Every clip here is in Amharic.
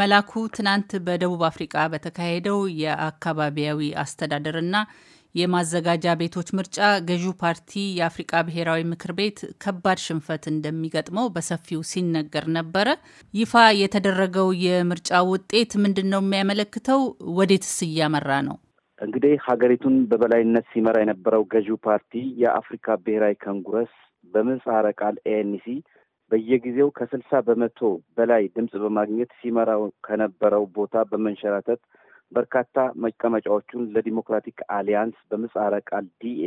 መላኩ ትናንት በደቡብ አፍሪቃ በተካሄደው የአካባቢያዊ አስተዳደርና የማዘጋጃ ቤቶች ምርጫ ገዢው ፓርቲ የአፍሪቃ ብሔራዊ ምክር ቤት ከባድ ሽንፈት እንደሚገጥመው በሰፊው ሲነገር ነበረ። ይፋ የተደረገው የምርጫ ውጤት ምንድን ነው የሚያመለክተው? ወዴትስ እያመራ ነው? እንግዲህ ሀገሪቱን በበላይነት ሲመራ የነበረው ገዢው ፓርቲ የአፍሪካ ብሔራዊ ኮንግረስ በምህጻረ ቃል ኤኤንሲ በየጊዜው ከስልሳ በመቶ በላይ ድምፅ በማግኘት ሲመራው ከነበረው ቦታ በመንሸራተት በርካታ መቀመጫዎቹን ለዲሞክራቲክ አሊያንስ በምህጻረ ቃል ዲኤ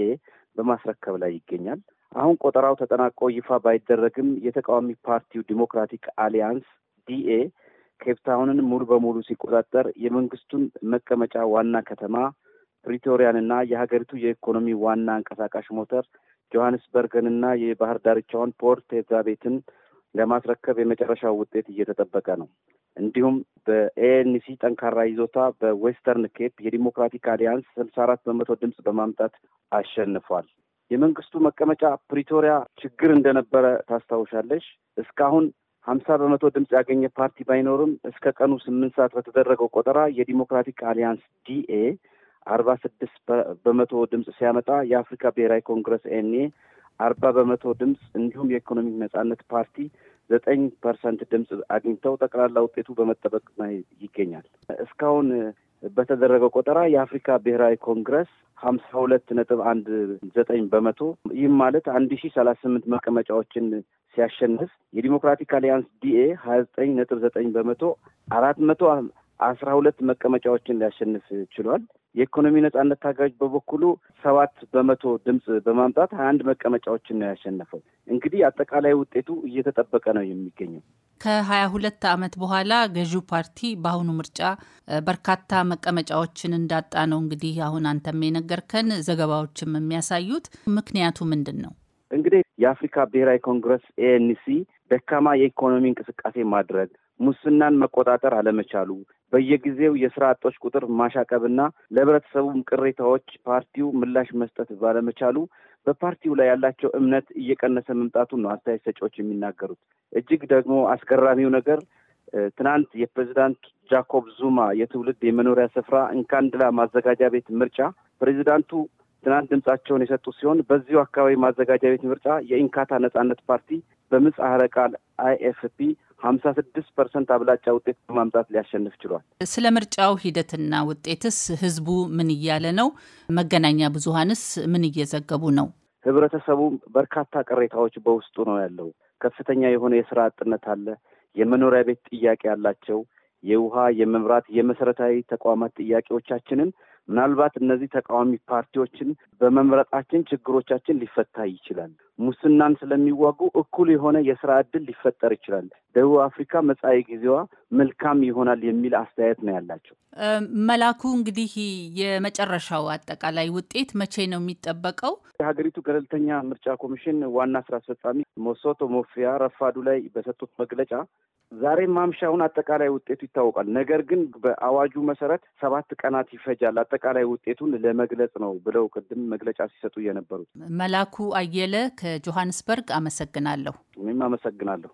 በማስረከብ ላይ ይገኛል። አሁን ቆጠራው ተጠናቆ ይፋ ባይደረግም የተቃዋሚ ፓርቲው ዲሞክራቲክ አሊያንስ ዲኤ ኬፕታውንን ሙሉ በሙሉ ሲቆጣጠር የመንግስቱን መቀመጫ ዋና ከተማ ፕሪቶሪያንና የሀገሪቱ የኢኮኖሚ ዋና አንቀሳቃሽ ሞተር ጆሀንስበርግንና የባህር ዳርቻውን ፖርት ኤልዛቤትን ለማስረከብ የመጨረሻው ውጤት እየተጠበቀ ነው። እንዲሁም በኤኤንሲ ጠንካራ ይዞታ በዌስተርን ኬፕ የዲሞክራቲክ አሊያንስ ስልሳ አራት በመቶ ድምፅ በማምጣት አሸንፏል። የመንግስቱ መቀመጫ ፕሪቶሪያ ችግር እንደነበረ ታስታውሻለሽ። እስካሁን ሀምሳ በመቶ ድምፅ ያገኘ ፓርቲ ባይኖርም እስከ ቀኑ ስምንት ሰዓት በተደረገው ቆጠራ የዲሞክራቲክ አሊያንስ ዲኤ አርባ ስድስት በመቶ ድምፅ ሲያመጣ የአፍሪካ ብሔራዊ ኮንግረስ ኤንኤ አርባ በመቶ ድምፅ እንዲሁም የኢኮኖሚክ ነጻነት ፓርቲ ዘጠኝ ፐርሰንት ድምፅ አግኝተው ጠቅላላ ውጤቱ በመጠበቅ ላይ ይገኛል። እስካሁን በተደረገው ቆጠራ የአፍሪካ ብሔራዊ ኮንግረስ ሀምሳ ሁለት ነጥብ አንድ ዘጠኝ በመቶ ይህም ማለት አንድ ሺ ሰላሳ ስምንት መቀመጫዎችን ሲያሸንፍ የዲሞክራቲክ አሊያንስ ዲኤ ሀያ ዘጠኝ ነጥብ ዘጠኝ በመቶ አራት መቶ አስራ ሁለት መቀመጫዎችን ሊያሸንፍ ችሏል። የኢኮኖሚ ነጻነት ታጋዮች በበኩሉ ሰባት በመቶ ድምፅ በማምጣት ሀያ አንድ መቀመጫዎችን ነው ያሸነፈው። እንግዲህ አጠቃላይ ውጤቱ እየተጠበቀ ነው የሚገኘው። ከሀያ ሁለት ዓመት በኋላ ገዢው ፓርቲ በአሁኑ ምርጫ በርካታ መቀመጫዎችን እንዳጣ ነው እንግዲህ አሁን አንተም የነገርከን ዘገባዎችም የሚያሳዩት። ምክንያቱ ምንድን ነው? እንግዲህ የአፍሪካ ብሔራዊ ኮንግረስ ኤኤንሲ ደካማ የኢኮኖሚ እንቅስቃሴ ማድረግ፣ ሙስናን መቆጣጠር አለመቻሉ፣ በየጊዜው የስራ አጦች ቁጥር ማሻቀብና ለህብረተሰቡ ቅሬታዎች ፓርቲው ምላሽ መስጠት ባለመቻሉ በፓርቲው ላይ ያላቸው እምነት እየቀነሰ መምጣቱን ነው አስተያየት ሰጪዎች የሚናገሩት። እጅግ ደግሞ አስገራሚው ነገር ትናንት የፕሬዚዳንት ጃኮብ ዙማ የትውልድ የመኖሪያ ስፍራ እንካንድላ ማዘጋጃ ቤት ምርጫ ፕሬዚዳንቱ ትናንት ድምጻቸውን የሰጡ ሲሆን በዚሁ አካባቢ ማዘጋጃ ቤት ምርጫ የኢንካታ ነጻነት ፓርቲ በምጻረ ቃል አይኤፍፒ ሀምሳ ስድስት ፐርሰንት አብላጫ ውጤት በማምጣት ሊያሸንፍ ችሏል። ስለ ምርጫው ሂደትና ውጤትስ ህዝቡ ምን እያለ ነው? መገናኛ ብዙሀንስ ምን እየዘገቡ ነው? ህብረተሰቡ በርካታ ቅሬታዎች በውስጡ ነው ያለው። ከፍተኛ የሆነ የስራ አጥነት አለ። የመኖሪያ ቤት ጥያቄ አላቸው። የውሃ፣ የመብራት፣ የመሰረታዊ ተቋማት ጥያቄዎቻችንን ምናልባት እነዚህ ተቃዋሚ ፓርቲዎችን በመምረጣችን ችግሮቻችን ሊፈታ ይችላል። ሙስናን ስለሚዋጉ እኩል የሆነ የስራ እድል ሊፈጠር ይችላል። ደቡብ አፍሪካ መጻኢ ጊዜዋ መልካም ይሆናል የሚል አስተያየት ነው ያላቸው። መላኩ እንግዲህ የመጨረሻው አጠቃላይ ውጤት መቼ ነው የሚጠበቀው? የሀገሪቱ ገለልተኛ ምርጫ ኮሚሽን ዋና ስራ አስፈጻሚ ሞሶቶ ሞፊያ ረፋዱ ላይ በሰጡት መግለጫ ዛሬ ማምሻውን አጠቃላይ ውጤቱ ይታወቃል። ነገር ግን በአዋጁ መሰረት ሰባት ቀናት ይፈጃል። አጠቃላይ ውጤቱን ለመግለጽ ነው ብለው ቅድም መግለጫ ሲሰጡ የነበሩት። መላኩ አየለ ከጆሀንስበርግ አመሰግናለሁ። እኔም አመሰግናለሁ።